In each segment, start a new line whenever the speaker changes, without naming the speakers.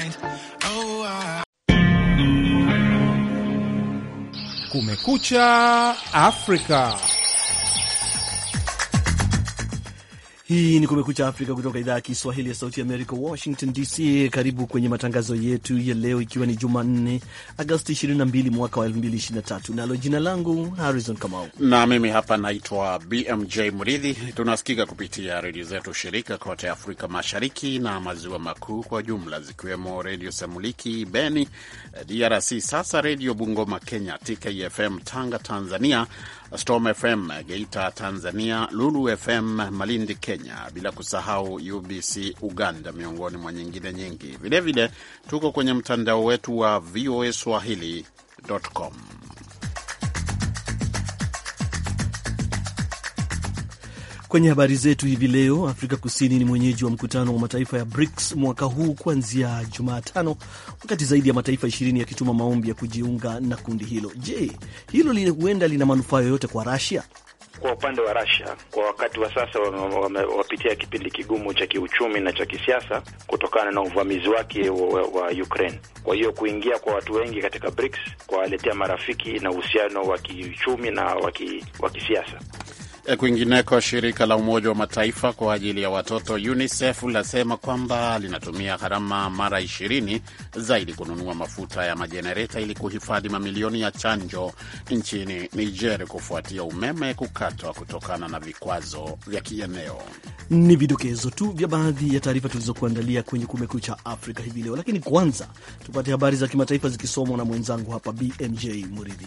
mind. Oh, I...
Kumekucha Afrika. Hii ni Kumekucha Afrika kutoka idhaa ya Kiswahili ya Sauti Amerika, Washington DC. Karibu kwenye matangazo yetu ya leo, ikiwa ni Jumanne Agosti 22 mwaka wa 2023. Nalo jina langu Harrison Kamau
na mimi hapa naitwa BMJ Mridhi. Tunasikika kupitia redio zetu shirika kote Afrika Mashariki na Maziwa Makuu kwa jumla, zikiwemo Redio Semuliki Beni DRC, Sasa Redio Bungoma Kenya, TKFM Tanga Tanzania, Storm FM Geita Tanzania, Lulu FM Malindi Kenya, bila kusahau UBC Uganda, miongoni mwa nyingine nyingi. Vilevile tuko kwenye mtandao wetu wa voa swahili.com.
Kwenye habari zetu hivi leo, Afrika Kusini ni mwenyeji wa mkutano wa mataifa ya BRICS mwaka huu kuanzia Jumatano, wakati zaidi ya mataifa ishirini yakituma maombi ya kujiunga na kundi hilo. Je, hilo huenda lina manufaa yoyote kwa Russia?
Kwa upande wa Russia kwa wakati wa sasa wamepitia kipindi kigumu cha kiuchumi na cha kisiasa kutokana na uvamizi wake wa, wa Ukraine. Kwa hiyo kuingia kwa watu wengi katika BRICS kwawaletea marafiki na uhusiano wa kiuchumi na wa kisiasa.
Eh, kwingineko, shirika la Umoja wa Mataifa kwa ajili ya watoto UNICEF linasema kwamba linatumia gharama mara 20 zaidi kununua mafuta ya majenereta ili kuhifadhi mamilioni ya chanjo nchini Niger kufuatia umeme kukatwa kutokana na vikwazo vya kieneo.
Ni vidokezo tu vya baadhi ya taarifa tulizokuandalia kwenye Kumekucha Afrika hivi leo, lakini kwanza tupate habari za kimataifa zikisomwa na mwenzangu hapa BMJ Muridhi.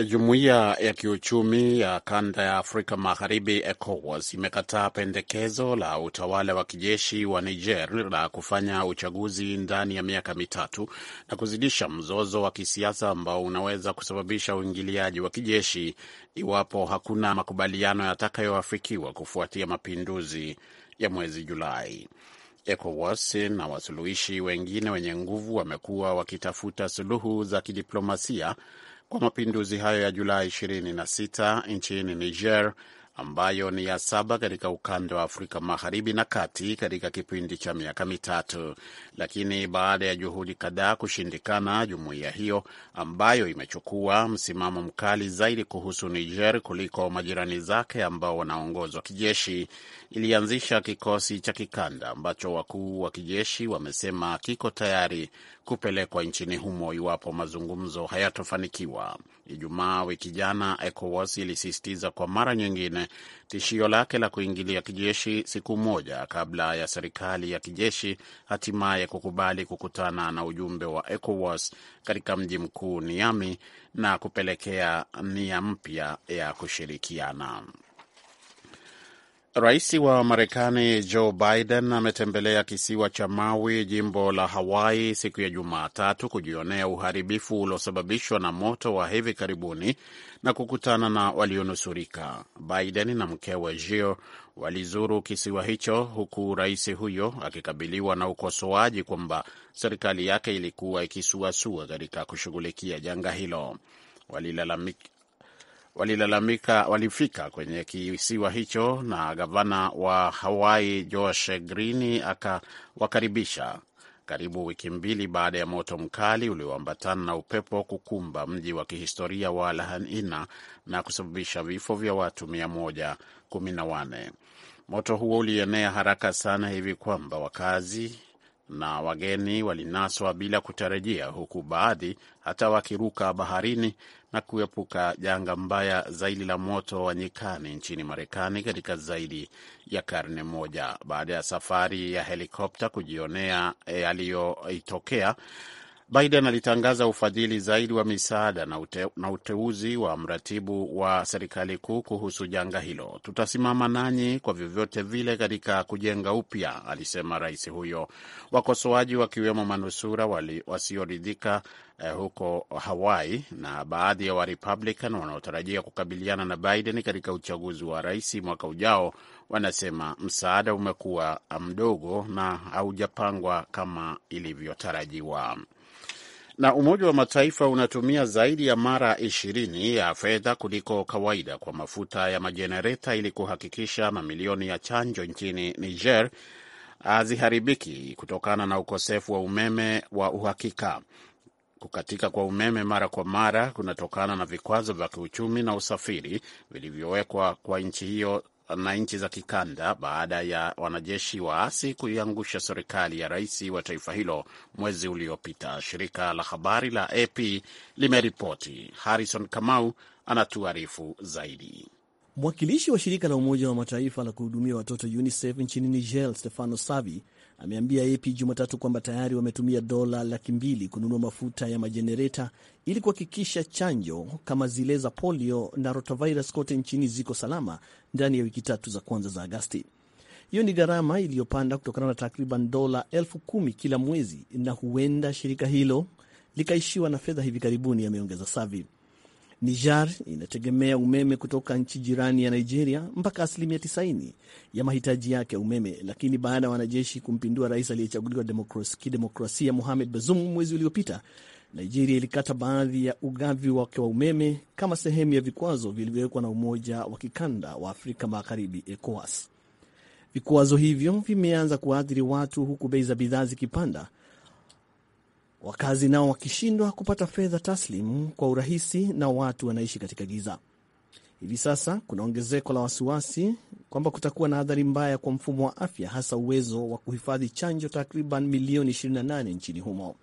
Eh, jumuiya ya kiuchumi ya kanda ya Afrika Magharibi, ECOWAS, imekataa pendekezo la utawala wa kijeshi wa Niger la kufanya uchaguzi ndani ya miaka mitatu na kuzidisha mzozo wa kisiasa ambao unaweza kusababisha uingiliaji wa kijeshi iwapo hakuna makubaliano yatakayoafikiwa kufuatia mapinduzi ya mwezi Julai. ECOWAS na wasuluhishi wengine wenye nguvu wamekuwa wakitafuta suluhu za kidiplomasia kwa mapinduzi hayo ya Julai 26 nchini Niger ambayo ni ya saba katika ukanda wa Afrika magharibi na kati katika kipindi cha miaka mitatu lakini baada ya juhudi kadhaa kushindikana, jumuiya hiyo ambayo imechukua msimamo mkali zaidi kuhusu Niger kuliko majirani zake ambao wanaongozwa kijeshi, ilianzisha kikosi cha kikanda ambacho wakuu wa kijeshi wamesema kiko tayari kupelekwa nchini humo iwapo mazungumzo hayatofanikiwa. Ijumaa wiki jana, ECOWAS ilisisitiza kwa mara nyingine tishio lake la kuingilia kijeshi siku moja kabla ya serikali ya kijeshi hatimaye kukubali kukutana na ujumbe wa ECOWAS katika mji mkuu niami na kupelekea nia mpya ya kushirikiana. Rais wa Marekani Joe Biden ametembelea kisiwa cha Maui, jimbo la Hawaii, siku ya Jumatatu kujionea uharibifu uliosababishwa na moto wa hivi karibuni na kukutana na walionusurika. Biden na mkewe Jill walizuru kisiwa hicho, huku rais huyo akikabiliwa na ukosoaji kwamba serikali yake ilikuwa ikisuasua katika kushughulikia janga hilo walilalamika walifika kwenye kisiwa hicho na gavana wa Hawaii Josh Green akawakaribisha karibu wiki mbili baada ya moto mkali ulioambatana na upepo kukumba mji wa kihistoria wa Lahaina na kusababisha vifo vya watu 114. Moto huo ulienea haraka sana hivi kwamba wakazi na wageni walinaswa bila kutarajia, huku baadhi hata wakiruka baharini na kuepuka janga mbaya zaidi la moto wa nyikani nchini Marekani katika zaidi ya karne moja, baada ya safari ya helikopta kujionea yaliyoitokea eh, e, Biden alitangaza ufadhili zaidi wa misaada na, ute, na uteuzi wa mratibu wa serikali kuu kuhusu janga hilo. Tutasimama nanyi kwa vyovyote vile katika kujenga upya, alisema rais huyo. Wakosoaji wakiwemo manusura wasioridhika eh, huko Hawaii na baadhi ya Warepublican wanaotarajia kukabiliana na Biden katika uchaguzi wa rais mwaka ujao wanasema msaada umekuwa mdogo na haujapangwa kama ilivyotarajiwa na Umoja wa Mataifa unatumia zaidi ya mara ishirini ya fedha kuliko kawaida kwa mafuta ya majenereta ili kuhakikisha mamilioni ya chanjo nchini Niger haziharibiki kutokana na ukosefu wa umeme wa uhakika. Kukatika kwa umeme mara kwa mara kunatokana na vikwazo vya kiuchumi na usafiri vilivyowekwa kwa nchi hiyo na nchi za kikanda baada ya wanajeshi waasi kuiangusha serikali ya rais wa taifa hilo mwezi uliopita, shirika la habari la AP limeripoti. Harrison Kamau anatuarifu zaidi.
Mwakilishi wa shirika la Umoja wa Mataifa la kuhudumia watoto UNICEF nchini Niger, Stefano Savi, ameambia AP Jumatatu kwamba tayari wametumia dola laki mbili kununua mafuta ya majenereta ili kuhakikisha chanjo kama zile za polio na rotavirus kote nchini ziko salama ndani ya wiki tatu za kwanza za Agasti. Hiyo ni gharama iliyopanda kutokana na takriban dola elfu kumi kila mwezi, na huenda shirika hilo likaishiwa na fedha hivi karibuni, ameongeza Savi. Niger inategemea umeme kutoka nchi jirani ya Nigeria mpaka asilimia 90 ya mahitaji yake ya umeme, lakini baada ya wanajeshi kumpindua rais aliyechaguliwa kidemokrasia Mohamed Bazoum mwezi uliopita, Nigeria ilikata baadhi ya ugavi wake wa umeme kama sehemu ya vikwazo vilivyowekwa na Umoja wa Kikanda wa Afrika Magharibi, ECOWAS. Vikwazo hivyo vimeanza kuathiri watu huku bei za bidhaa zikipanda wakazi nao wakishindwa kupata fedha taslimu kwa urahisi na watu wanaishi katika giza. Hivi sasa kuna ongezeko la wasiwasi kwamba kutakuwa na athari mbaya kwa mfumo wa afya, hasa uwezo wa kuhifadhi chanjo takriban milioni 28 nchini humo.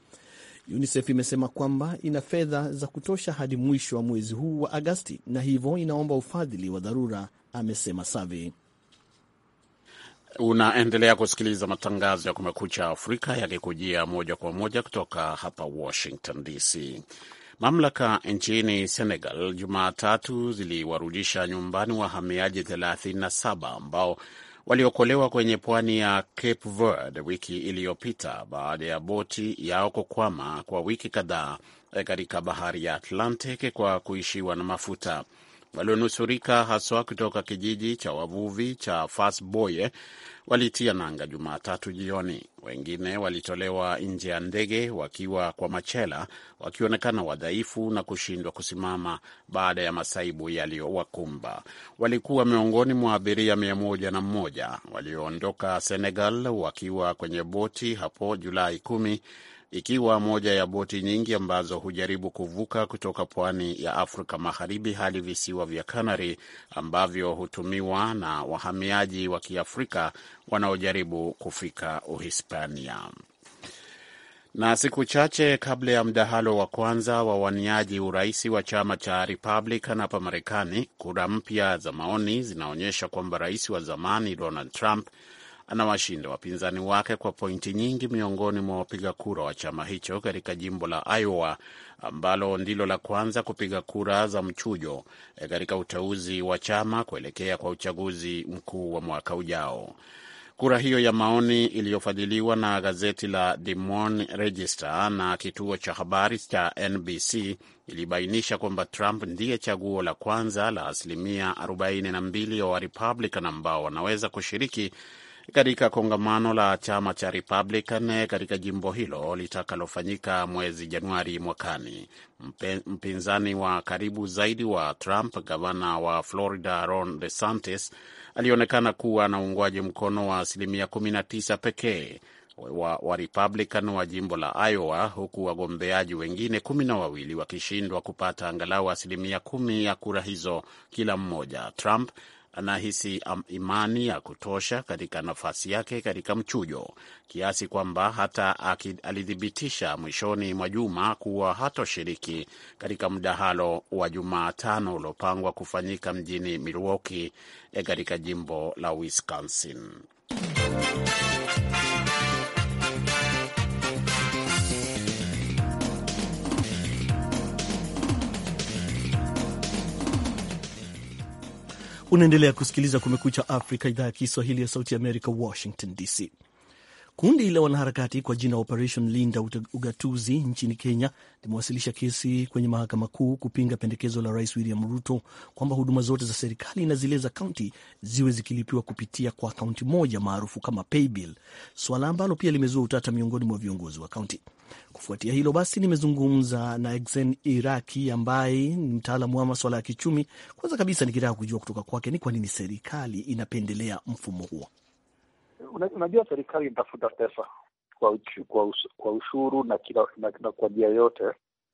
UNICEF imesema kwamba ina fedha za kutosha hadi mwisho wa mwezi huu wa Agasti, na hivyo inaomba ufadhili wa dharura, amesema Savi.
Unaendelea kusikiliza matangazo ya Kumekucha Afrika yakikujia moja kwa moja kutoka hapa Washington DC. Mamlaka nchini Senegal Jumatatu ziliwarudisha nyumbani wahamiaji 37 ambao waliokolewa kwenye pwani ya Cape Verde wiki iliyopita baada ya boti yao kukwama kwa wiki kadhaa katika bahari ya Atlantic kwa kuishiwa na mafuta. Walionusurika haswa kutoka kijiji cha wavuvi cha Fasboye walitia nanga Jumatatu jioni. Wengine walitolewa nje ya ndege wakiwa kwa machela, wakionekana wadhaifu na kushindwa kusimama baada ya masaibu yaliyowakumba. Walikuwa miongoni mwa abiria mia moja na mmoja walioondoka Senegal wakiwa kwenye boti hapo Julai kumi ikiwa moja ya boti nyingi ambazo hujaribu kuvuka kutoka pwani ya Afrika Magharibi hadi visiwa vya Kanari ambavyo hutumiwa na wahamiaji wa Kiafrika wanaojaribu kufika Uhispania. Na siku chache kabla ya mdahalo wa kwanza wa waniaji urais wa chama cha Republican hapa Marekani, kura mpya za maoni zinaonyesha kwamba rais wa zamani Donald Trump anawashinda wapinzani wake kwa pointi nyingi miongoni mwa wapiga kura wa chama hicho katika jimbo la Iowa ambalo ndilo la kwanza kupiga kura za mchujo e, katika uteuzi wa chama kuelekea kwa uchaguzi mkuu wa mwaka ujao. Kura hiyo ya maoni iliyofadhiliwa na gazeti la Des Moines Register na kituo cha habari cha NBC ilibainisha kwamba Trump ndiye chaguo la kwanza la asilimia 42 ya Warepublican ambao wanaweza kushiriki katika kongamano la chama cha Republican katika jimbo hilo litakalofanyika mwezi Januari mwakani. Mpinzani wa karibu zaidi wa Trump, gavana wa Florida Ron DeSantis, alionekana kuwa na uungwaji mkono wa asilimia 19 pekee wa, wa Republican wa jimbo la Iowa, huku wagombeaji wengine kumi na wawili wakishindwa kupata angalau asilimia kumi ya kura hizo kila mmoja. Trump anahisi imani ya kutosha katika nafasi yake katika mchujo kiasi kwamba hata alithibitisha mwishoni mwa juma kuwa hatoshiriki katika mdahalo wa Jumatano uliopangwa kufanyika mjini Milwaukee eh, katika jimbo la Wisconsin.
Unaendelea kusikiliza Kumekucha Afrika, idhaa ya Kiswahili ya Sauti ya Amerika, Washington DC. Kundi la wanaharakati kwa jina Operation Linda Ugatuzi nchini Kenya limewasilisha kesi kwenye mahakama kuu kupinga pendekezo la Rais William Ruto kwamba huduma zote za serikali na zile za kaunti ziwe zikilipiwa kupitia kwa akaunti moja maarufu kama paybill, swala ambalo pia limezua utata miongoni mwa viongozi wa kaunti. Kufuatia hilo basi, nimezungumza na Exen Iraki ambaye ni mtaalamu wa maswala ya kichumi. Kwanza kabisa nikitaka kujua kutoka kwake ni kwa nini serikali inapendelea mfumo huo
una, unajua serikali inatafuta pesa kwa, uchu, kwa, us, kwa ushuru na kila na, na kwa njia yote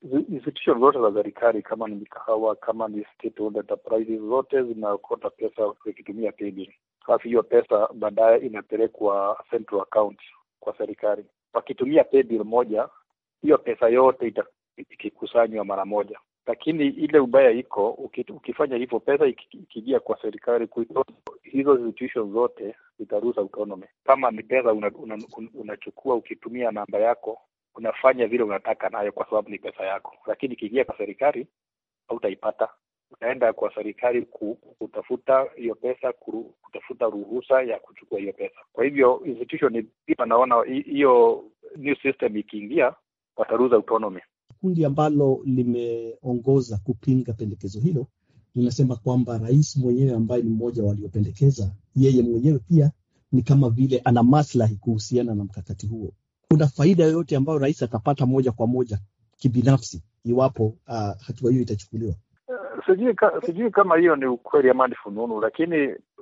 vitisho zote
za serikali kama ni mikahawa kama ni state-owned enterprises zote zinaokota pesa zikitumia paybill halafu hiyo pesa baadaye inapelekwa central account kwa serikali wakitumia paybill moja hiyo pesa yote ikikusanywa mara moja lakini ile ubaya iko ukifanya hivyo, pesa ikiingia kwa serikali hizo institution zote zitaruhusa autonomy. Kama ni pesa unachukua una, una ukitumia namba yako unafanya vile unataka nayo, kwa sababu ni pesa yako, lakini ikiingia kwa serikali hautaipata. Utaenda kwa serikali kutafuta hiyo pesa, kutafuta ruhusa ya kuchukua hiyo pesa. Kwa hivyo institution naona hiyo new system ikiingia wataruza autonomy
kundi ambalo limeongoza kupinga pendekezo hilo linasema kwamba rais mwenyewe ambaye ni mmoja waliopendekeza, yeye mwenyewe pia ni kama vile ana maslahi kuhusiana na mkakati huo. Kuna faida yoyote ambayo rais atapata moja kwa moja kibinafsi iwapo uh, hatua hiyo itachukuliwa?
Sijui, ka, sijui kama hiyo ni ukweli ama ni fununu, lakini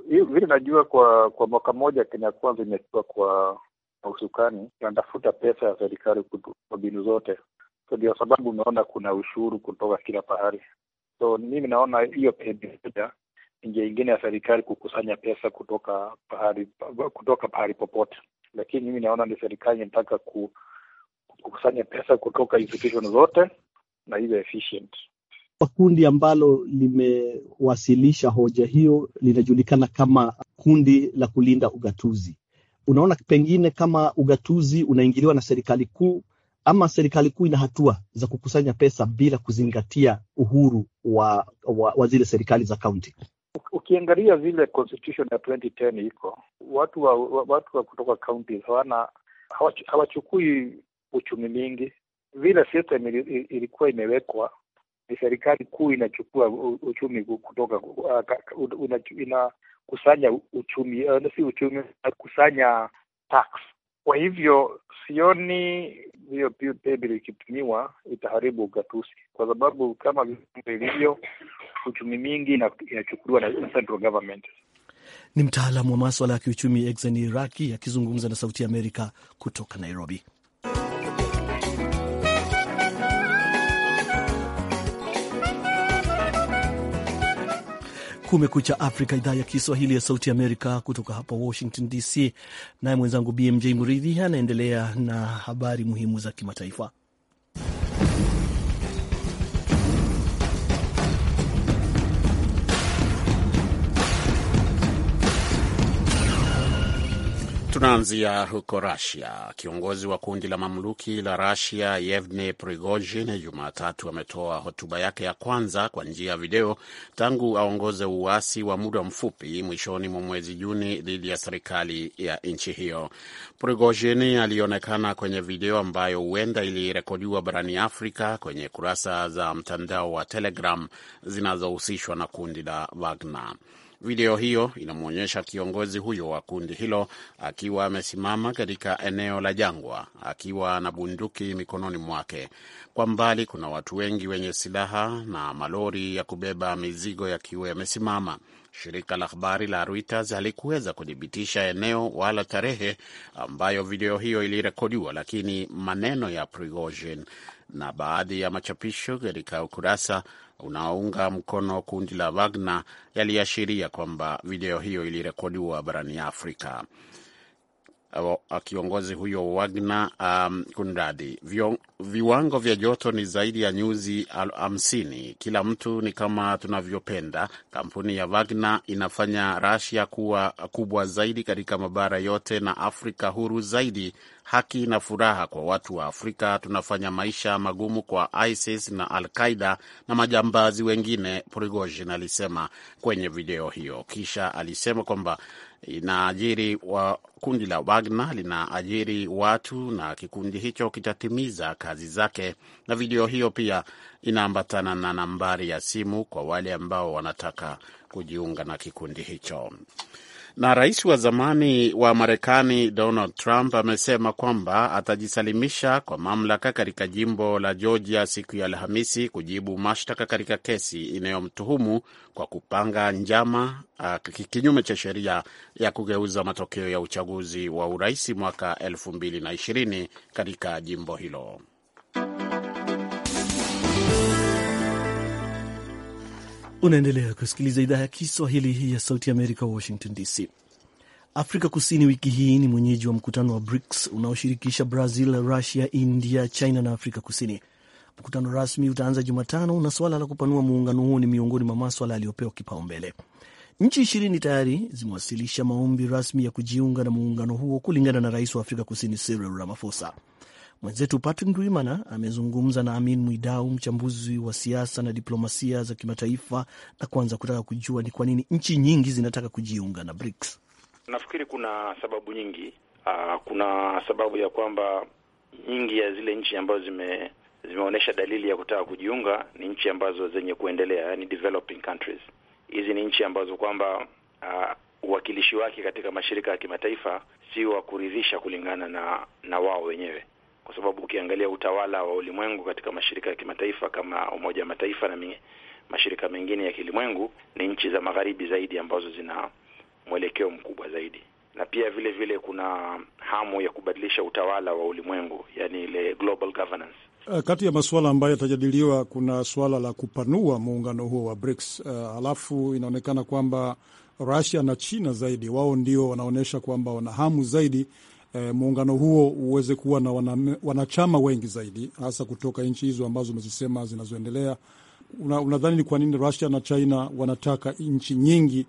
vile najua kwa kwa mwaka mmoja Kenya Kwanza imekuwa kwa usukani, anatafuta pesa ya serikali kwa mbinu zote so ndio sababu umeona kuna ushuru kutoka kila pahali. So mimi naona hiyo pendekeja njia ingine ya serikali kukusanya pesa kutoka pahali kutoka pahali popote, lakini mimi naona ni serikali inataka ku, kukusanya pesa kutoka institution zote na hiyo efficient.
Kundi ambalo limewasilisha hoja hiyo linajulikana kama kundi la kulinda ugatuzi. Unaona, pengine kama ugatuzi unaingiliwa na serikali kuu ama serikali kuu ina hatua za kukusanya pesa bila kuzingatia uhuru wa, wa, wa zile serikali za kaunti.
Ukiangalia vile constitution ya 2010 iko watu wa, watu wa kutoka kaunti hawana hawachukui uchumi mingi. Vile system ilikuwa imewekwa ni serikali kuu inachukua uchumi kutoka uh, inakusanya uchumi, uh, si uchumi, kusanya tax kwa hivyo sioni hiyo pebble ikitumiwa itaharibu ugatusi kwa sababu kama ilivyo uchumi mingi inachukuliwa na, na central government.
Ni mtaalamu wa maswala ya kiuchumi Exeni Iraki akizungumza na Sauti ya Amerika kutoka Nairobi. Kumekucha Afrika, idhaa ya Kiswahili ya Sauti Amerika, kutoka hapa Washington DC. Naye mwenzangu BMJ Muridhi anaendelea na habari muhimu za kimataifa.
Tunaanzia huko Rasia. Kiongozi wa kundi la mamluki la Rasia Yevgeny Prigozhin Jumatatu ametoa hotuba yake ya kwanza kwa njia ya video tangu aongoze uasi wa muda mfupi mwishoni mwa mwezi Juni dhidi ya serikali ya nchi hiyo. Prigozhin alionekana kwenye video ambayo huenda ilirekodiwa barani Afrika kwenye kurasa za mtandao wa Telegram zinazohusishwa na kundi la Wagner. Video hiyo inamwonyesha kiongozi huyo wa kundi hilo akiwa amesimama katika eneo la jangwa akiwa na bunduki mikononi mwake. Kwa mbali kuna watu wengi wenye silaha na malori ya kubeba mizigo yakiwa yamesimama. Shirika la habari la Reuters halikuweza kuthibitisha eneo wala tarehe ambayo video hiyo ilirekodiwa, lakini maneno ya Prigozhin na baadhi ya machapisho katika ukurasa unaounga mkono kundi la Wagner yaliashiria kwamba video hiyo ilirekodiwa barani Afrika kiongozi huyo Wagner um, kunradi viwango vya joto ni zaidi ya nyuzi hamsini. Kila mtu ni kama tunavyopenda. Kampuni ya Wagner inafanya Rasia kuwa kubwa zaidi katika mabara yote na Afrika huru zaidi. Haki na furaha kwa watu wa Afrika. Tunafanya maisha magumu kwa ISIS na Al Qaida na majambazi wengine, Prigozhin alisema kwenye video hiyo. Kisha alisema kwamba inaajiri wa kundi la Wagner linaajiri watu na kikundi hicho kitatimiza kazi zake. Na video hiyo pia inaambatana na nambari ya simu kwa wale ambao wanataka kujiunga na kikundi hicho. Na rais wa zamani wa Marekani Donald Trump amesema kwamba atajisalimisha kwa mamlaka katika jimbo la Georgia siku ya Alhamisi kujibu mashtaka katika kesi inayomtuhumu kwa kupanga njama ah, kinyume cha sheria ya kugeuza matokeo ya uchaguzi wa urais mwaka 2020 katika jimbo hilo.
Unaendelea kusikiliza idhaa ya Kiswahili ya Sauti ya Amerika, Washington DC. Afrika Kusini wiki hii ni mwenyeji wa mkutano wa BRICS unaoshirikisha Brazil, Russia, India, China na Afrika Kusini. Mkutano rasmi utaanza Jumatano na suala la kupanua muungano huo ni miongoni mwa maswala yaliyopewa kipaumbele. Nchi ishirini tayari zimewasilisha maombi rasmi ya kujiunga na muungano huo kulingana na rais wa Afrika Kusini Cyril Ramaphosa. Mwenzetu Patrick Ndwimana amezungumza na Amin Mwidau, mchambuzi wa siasa na diplomasia za kimataifa, na kwanza kutaka kujua ni kwa nini nchi nyingi zinataka kujiunga na BRICS.
Nafikiri kuna sababu nyingi. Aa, ah, kuna sababu ya kwamba nyingi ya zile nchi ambazo zime zimeonyesha dalili ya kutaka kujiunga ni nchi ambazo zenye kuendelea, yani developing countries. Hizi ni nchi ambazo kwamba ah, uwakilishi wake katika mashirika ya kimataifa si wa kuridhisha kulingana na na wao wenyewe kwa sababu ukiangalia utawala wa ulimwengu katika mashirika ya kimataifa kama Umoja wa Mataifa na mingi, mashirika mengine ya kilimwengu ni nchi za magharibi zaidi ambazo zina mwelekeo mkubwa zaidi, na pia vile vile kuna hamu ya kubadilisha utawala wa ulimwengu, yani ile global governance.
Eh, kati ya masuala ambayo yatajadiliwa kuna suala la kupanua muungano huo wa BRICS. Uh, alafu inaonekana kwamba Russia na China zaidi wao ndio wanaonyesha kwamba wana hamu zaidi eh, muungano huo uweze kuwa na wana, wanachama wengi zaidi hasa kutoka nchi hizo ambazo umezisema zinazoendelea. Unadhani ni kwa nini Russia na China wanataka nchi nyingi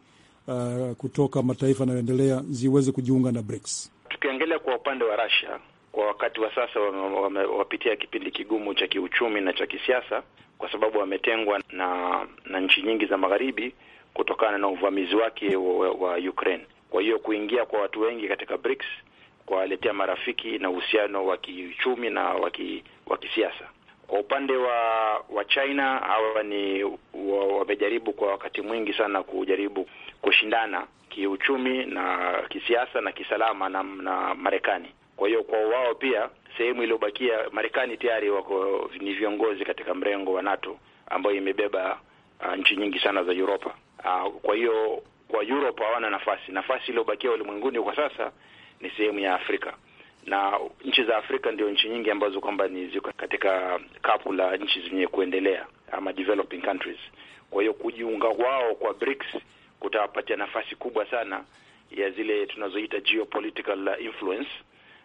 uh, kutoka mataifa yanayoendelea ziweze kujiunga na BRICS?
Tukiangalia kwa upande wa Russia kwa wakati wa sasa wamewapitia wame, kipindi kigumu cha kiuchumi na cha kisiasa kwa sababu wametengwa na na nchi nyingi za magharibi kutokana na uvamizi wake wa, wa Ukraine. Kwa hiyo kuingia kwa watu wengi katika BRICS kuwaletea marafiki na uhusiano wa kiuchumi na wa kisiasa. Kwa upande wa wa China, hawa ni wamejaribu wa kwa wakati mwingi sana kujaribu kushindana kiuchumi na kisiasa na kisalama na, na Marekani. Kwa hiyo kwa wao pia sehemu iliyobakia Marekani tayari wako ni viongozi katika mrengo wa NATO ambayo imebeba uh, nchi nyingi sana za uropa Uh, ah, kwa hiyo kwa Europe hawana nafasi. Nafasi iliyobakia ulimwenguni kwa sasa ni sehemu ya Afrika na nchi za Afrika ndio nchi nyingi ambazo kwamba ni ziko katika kapu la nchi zenye kuendelea ama developing countries. Kwa hiyo kujiunga wao kwa BRICS kutawapatia nafasi kubwa sana ya zile tunazoita geopolitical influence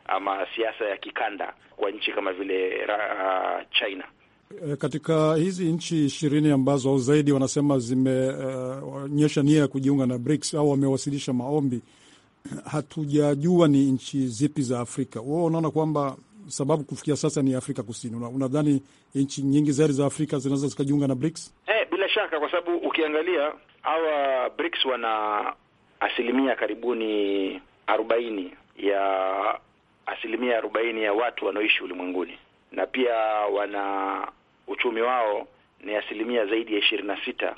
ama siasa ya kikanda kwa nchi kama vile uh, China.
Eh, katika hizi nchi ishirini ambazo au zaidi wanasema zimeonyesha uh, nia ya kujiunga na BRICS au wamewasilisha maombi hatujajua ni nchi zipi za Afrika. Wewe unaona kwamba sababu kufikia sasa ni Afrika Kusini, unadhani nchi nyingi zaidi za Afrika zinaweza zikajiunga na BRICS?
Eh, bila shaka, kwa sababu ukiangalia hawa BRICS wana asilimia karibuni arobaini ya asilimia arobaini ya watu wanaoishi ulimwenguni, na pia wana uchumi wao ni asilimia zaidi ya ishirini na sita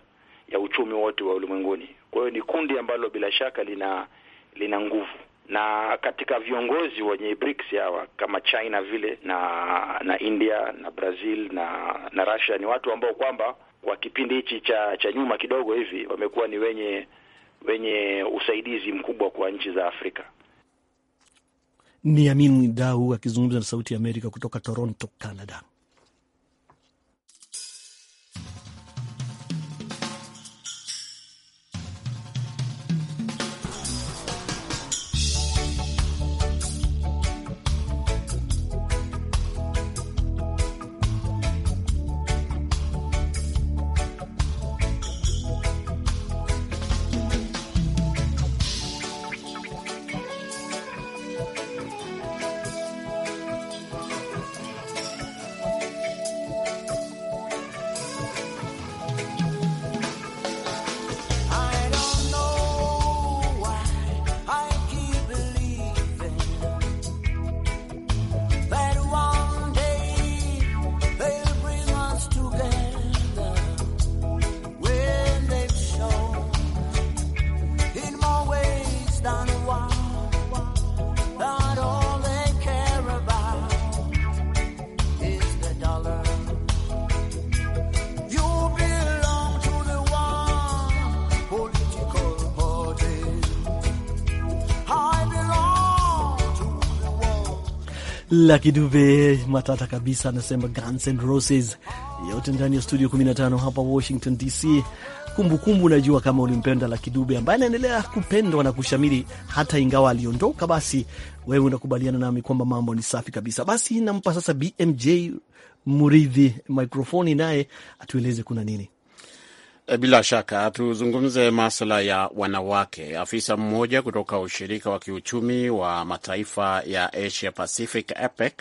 ya uchumi wote wa ulimwenguni. Kwa hiyo ni kundi ambalo bila shaka lina lina nguvu na katika viongozi wenye BRICS hawa kama China vile na na India na Brazil na na Russia ni watu ambao kwamba kwa kipindi hichi cha cha nyuma kidogo hivi wamekuwa ni wenye wenye usaidizi mkubwa kwa nchi za Afrika.
Ni Amin dau akizungumza na Sauti ya Amerika kutoka Toronto, Canada. Lucky Dube matata kabisa, anasema Guns and Roses. Yote ndani ya studio 15 hapa Washington DC. Kumbukumbu, najua kama ulimpenda Lucky Dube ambaye anaendelea kupendwa na kushamiri hata ingawa aliondoka. Basi wewe unakubaliana nami kwamba mambo ni safi kabisa. Basi nampa sasa BMJ Muridhi mikrofoni, naye atueleze kuna nini.
Eh, bila shaka tuzungumze masuala ya wanawake. Afisa mmoja kutoka ushirika wa kiuchumi wa mataifa ya Asia Pacific, APEC,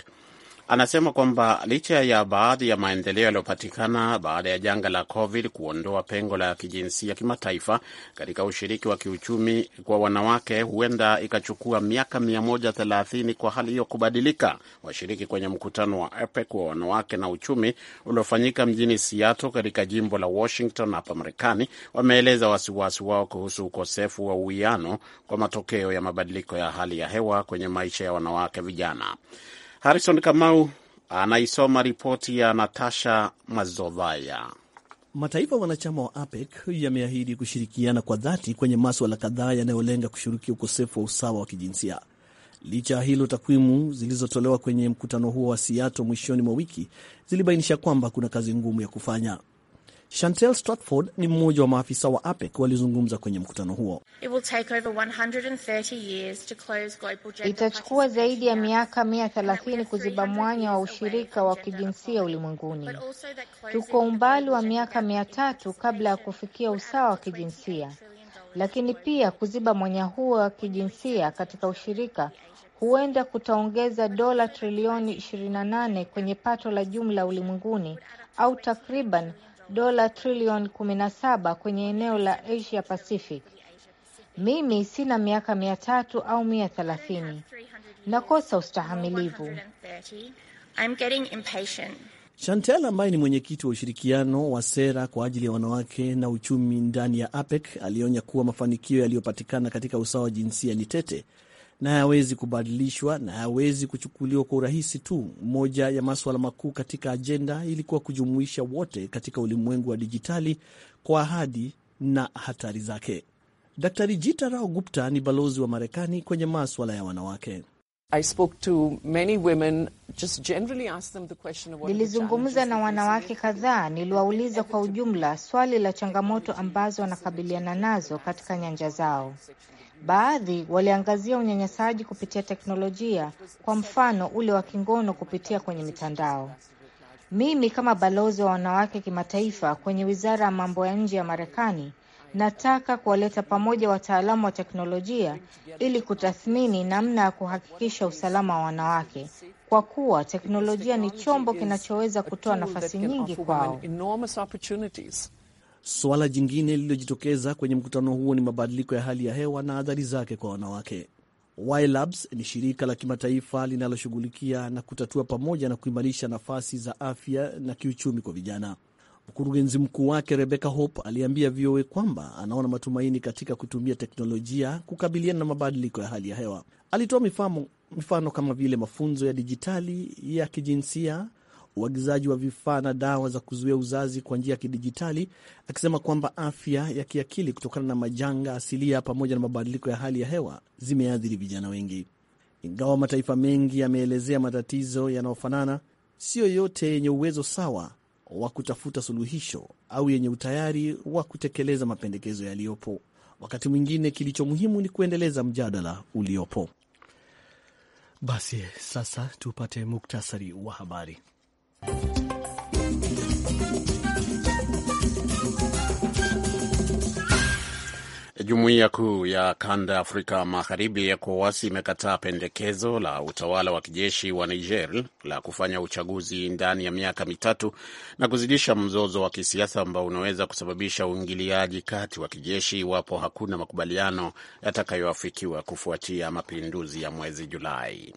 Anasema kwamba licha ya baadhi ya maendeleo yaliyopatikana baada ya janga la COVID kuondoa pengo la kijinsia kimataifa katika ushiriki wa kiuchumi kwa wanawake, huenda ikachukua miaka 130 kwa hali hiyo kubadilika. Washiriki kwenye mkutano wa APEC wa wanawake na uchumi uliofanyika mjini Seattle katika jimbo la Washington hapa Marekani wameeleza wasiwasi wao kuhusu ukosefu wa uwiano kwa matokeo ya mabadiliko ya hali ya hewa kwenye maisha ya wanawake vijana. Harrison Kamau anaisoma ripoti ya Natasha Mazovaya.
Mataifa wanachama wa APEC yameahidi kushirikiana kwa dhati kwenye maswala kadhaa yanayolenga kushughulikia ukosefu wa usawa wa kijinsia. Licha ya hilo, takwimu zilizotolewa kwenye mkutano huo wa Siato mwishoni mwa wiki zilibainisha kwamba kuna kazi ngumu ya kufanya. Chantel Stratford ni mmoja wa maafisa wa APEC walizungumza kwenye mkutano huo.
Itachukua zaidi ya miaka mia thelathini kuziba mwanya wa ushirika wa kijinsia ulimwenguni. Tuko umbali wa miaka mia tatu kabla ya kufikia usawa wa kijinsia, lakini pia kuziba mwanya huo wa kijinsia katika ushirika huenda kutaongeza dola trilioni 28 kwenye pato la jumla ulimwenguni au takriban dola trilioni kumi na saba kwenye eneo la Asia Pacific. Mimi sina miaka mia tatu au mia thelathini, nakosa ustahamilivu.
Chantel ambaye ni mwenyekiti wa ushirikiano wa sera kwa ajili ya wanawake na uchumi ndani ya APEC alionya kuwa mafanikio yaliyopatikana katika usawa wa jinsia ni tete, na hayawezi kubadilishwa na hayawezi kuchukuliwa kwa urahisi tu. Moja ya maswala makuu katika ajenda ilikuwa kujumuisha wote katika ulimwengu wa dijitali kwa ahadi na hatari zake. Daktari Jita Rao Gupta ni balozi wa Marekani kwenye maswala ya wanawake.
Nilizungumza na wanawake kadhaa, niliwauliza kwa ujumla swali la changamoto ambazo wanakabiliana nazo katika nyanja zao. Baadhi waliangazia unyanyasaji kupitia teknolojia, kwa mfano ule wa kingono kupitia kwenye mitandao. Mimi kama balozi wa wanawake kimataifa kwenye wizara ya mambo ya nje ya Marekani nataka kuwaleta pamoja wataalamu wa teknolojia ili kutathmini namna ya kuhakikisha usalama wa wanawake, kwa kuwa teknolojia ni chombo kinachoweza kutoa nafasi nyingi kwao.
Suala jingine lililojitokeza kwenye mkutano huo ni mabadiliko ya hali ya hewa na athari zake kwa wanawake. Labs ni shirika la kimataifa linaloshughulikia na kutatua pamoja na kuimarisha nafasi za afya na kiuchumi kwa vijana. Mkurugenzi mkuu wake Rebecca Hope aliambia VOA kwamba anaona matumaini katika kutumia teknolojia kukabiliana na mabadiliko ya hali ya hewa. Alitoa mifano, mifano kama vile mafunzo ya dijitali ya kijinsia uagizaji wa vifaa na dawa za kuzuia uzazi kwa njia ya kidijitali, akisema kwamba afya ya kiakili kutokana na majanga asilia pamoja na mabadiliko ya hali ya hewa zimeathiri vijana wengi. Ingawa mataifa mengi yameelezea matatizo yanayofanana, siyo yote yenye uwezo sawa wa kutafuta suluhisho au yenye utayari wa kutekeleza mapendekezo yaliyopo. Wakati mwingine kilicho muhimu ni kuendeleza mjadala uliopo. Basi sasa tupate muktasari wa habari.
Jumuiya kuu ya kanda ya Afrika Magharibi ECOWAS imekataa pendekezo la utawala wa kijeshi wa Niger la kufanya uchaguzi ndani ya miaka mitatu na kuzidisha mzozo wa kisiasa ambao unaweza kusababisha uingiliaji kati wa kijeshi iwapo hakuna makubaliano yatakayoafikiwa kufuatia mapinduzi ya mwezi Julai.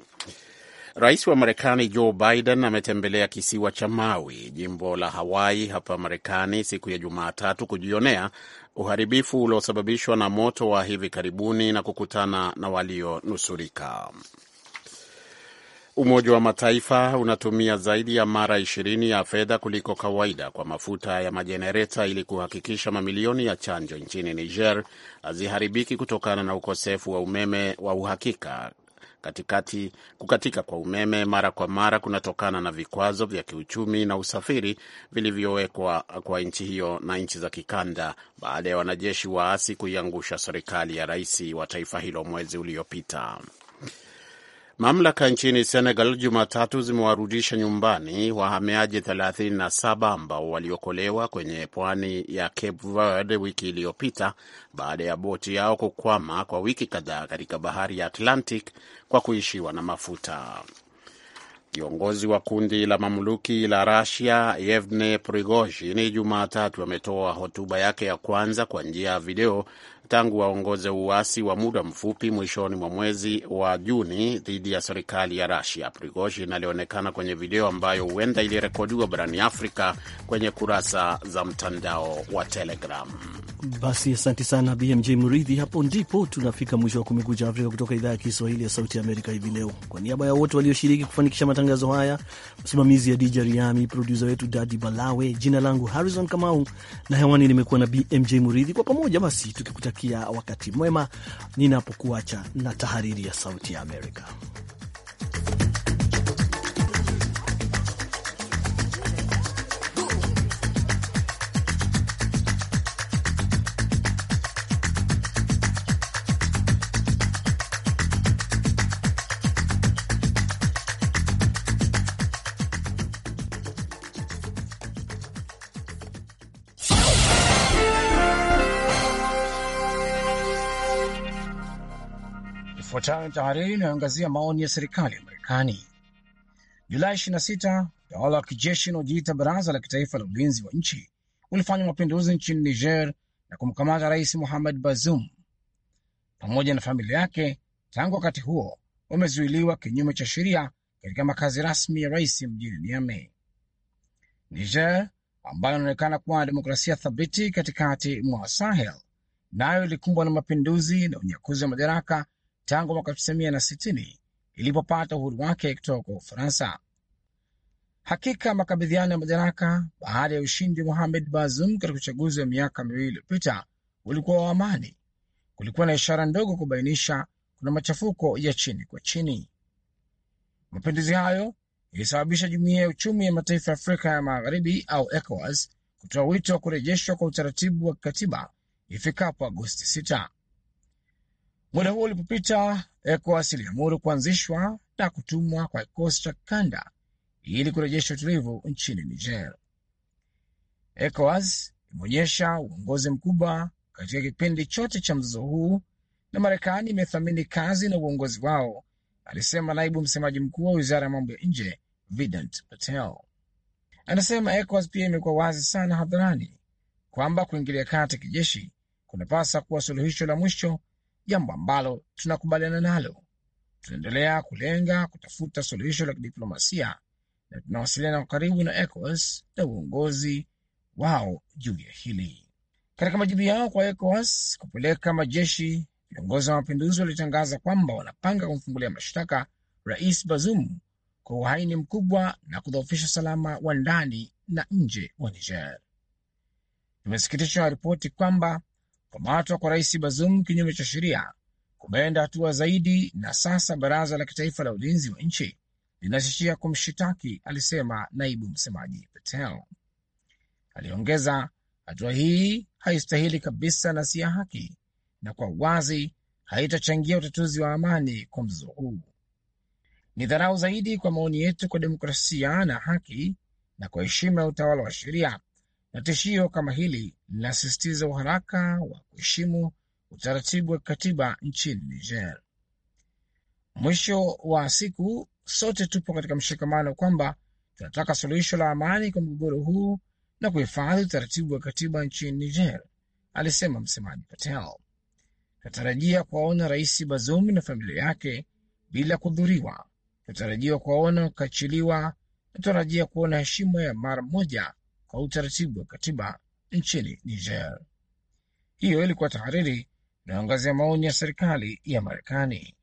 Rais wa Marekani Joe Biden ametembelea kisiwa cha Maui, jimbo la Hawaii hapa Marekani, siku ya Jumatatu kujionea uharibifu uliosababishwa na moto wa hivi karibuni na kukutana na walionusurika. Umoja wa Mataifa unatumia zaidi ya mara ishirini ya fedha kuliko kawaida kwa mafuta ya majenereta ili kuhakikisha mamilioni ya chanjo nchini Niger haziharibiki kutokana na ukosefu wa umeme wa uhakika Katikati kukatika kwa umeme mara kwa mara kunatokana na vikwazo vya kiuchumi na usafiri vilivyowekwa kwa, nchi hiyo na nchi za kikanda baada ya wanajeshi waasi kuiangusha serikali ya rais wa taifa hilo mwezi uliopita. Mamlaka nchini Senegal Jumatatu zimewarudisha nyumbani wahamiaji 37 ambao waliokolewa kwenye pwani ya Cape Verde wiki iliyopita baada ya boti yao kukwama kwa wiki kadhaa katika bahari ya Atlantic kwa kuishiwa na mafuta. Kiongozi wa kundi la mamluki la Rasia Yevne Prigozhin Jumatatu ametoa hotuba yake ya kwanza kwa njia ya video tangu waongoze uasi wa muda mfupi mwishoni mwa mwezi wa Juni dhidi ya serikali ya Rusia. Prigozhin alionekana kwenye video ambayo huenda ilirekodiwa barani Afrika kwenye kurasa za mtandao wa Telegram.
Basi asante sana BMJ Mridhi. Hapo ndipo tunafika mwisho wa Kumekucha Afrika kutoka idhaa ya Kiswahili ya Sauti ya Amerika hivi leo. Kwa niaba ya wote walioshiriki kufanikisha matangazo haya, msimamizi ya DJ Riami, produsa wetu Dadi Balawe, jina langu Harrison Kamau na hewani nimekuwa na BMJ Mridhi. Kwa pamoja basi tukikutakia nikikutakia wakati mwema ninapokuacha na tahariri ya Sauti ya Amerika.
Ifuatayo ni tahariri inayoangazia maoni ya serikali ya Marekani. Julai 26 utawala wa kijeshi unaojiita Baraza la Kitaifa la Ulinzi wa Nchi ulifanya mapinduzi nchini Niger na kumkamata Rais Mohamed Bazoum pamoja na familia yake. Tangu wakati huo wamezuiliwa kinyume cha sheria katika makazi rasmi ya rais mjini Niamey. Niger ambayo inaonekana kuwa na demokrasia thabiti katikati mwa Sahel nayo ilikumbwa na mapinduzi na unyakuzi wa madaraka tangu mwaka 1960 ilipopata uhuru wake kutoka kwa Ufaransa. Hakika makabidhiano ya madaraka baada ya ushindi wa Mohamed Bazoum katika uchaguzi wa miaka miwili iliyopita ulikuwa wa amani. Kulikuwa na ishara ndogo kubainisha kuna machafuko ya chini kwa chini. Mapinduzi hayo ilisababisha Jumuiya ya Uchumi ya Mataifa ya Afrika ya Magharibi au ECOWAS kutoa wito wa kurejeshwa kwa utaratibu wa kikatiba ifikapo Agosti Muda huo ulipopita, ECOWAS iliamuru kuanzishwa na kutumwa kwa kikosi cha kikanda ili kurejesha utulivu nchini Niger. ECOWAS imeonyesha uongozi mkubwa katika kipindi chote cha mzozo huu na Marekani imethamini kazi na uongozi wao, alisema naibu msemaji mkuu wa wizara ya mambo ya nje Vedant Patel. Anasema ECOWAS pia imekuwa wazi sana hadharani kwamba kuingilia kati kijeshi kunapasa kuwa suluhisho la mwisho jambo ambalo tunakubaliana nalo. Tunaendelea kulenga kutafuta suluhisho la kidiplomasia na tunawasiliana kwa karibu na ECOWAS na uongozi wao juu ya hili. Katika majibu yao kwa ECOWAS kupeleka majeshi, viongozi wa mapinduzi walitangaza kwamba wanapanga kumfungulia mashtaka Rais Bazoum kwa uhaini mkubwa na kudhoofisha usalama wa ndani na nje wa Niger. Tumesikitishwa ripoti kwamba Kukamatwa kwa rais Bazoum kinyume cha sheria kumeenda hatua zaidi, na sasa baraza la kitaifa la ulinzi wa nchi linatishia kumshitaki, alisema naibu msemaji Patel. Aliongeza, hatua hii haistahili kabisa na si ya haki, na kwa wazi haitachangia utatuzi wa amani kwa mzozo huu. Ni dharau zaidi kwa maoni yetu kwa demokrasia na haki na kwa heshima ya utawala wa sheria, na tishio kama hili linasisitiza uharaka wa kuheshimu utaratibu wa kikatiba nchini Niger. Mwisho wa siku, sote tupo katika mshikamano kwamba tunataka suluhisho la amani kwa mgogoro huu na kuhifadhi utaratibu wa katiba nchini Niger, alisema msemaji Patel. Tunatarajia kuwaona Rais Bazoum na familia yake bila kudhuriwa. Tunatarajia kuwaona na tunatarajia kuona heshima ya mara moja kwa utaratibu wa katiba nchini Niger. Hiyo ilikuwa tahariri inayoangazia maoni ya serikali ya Marekani.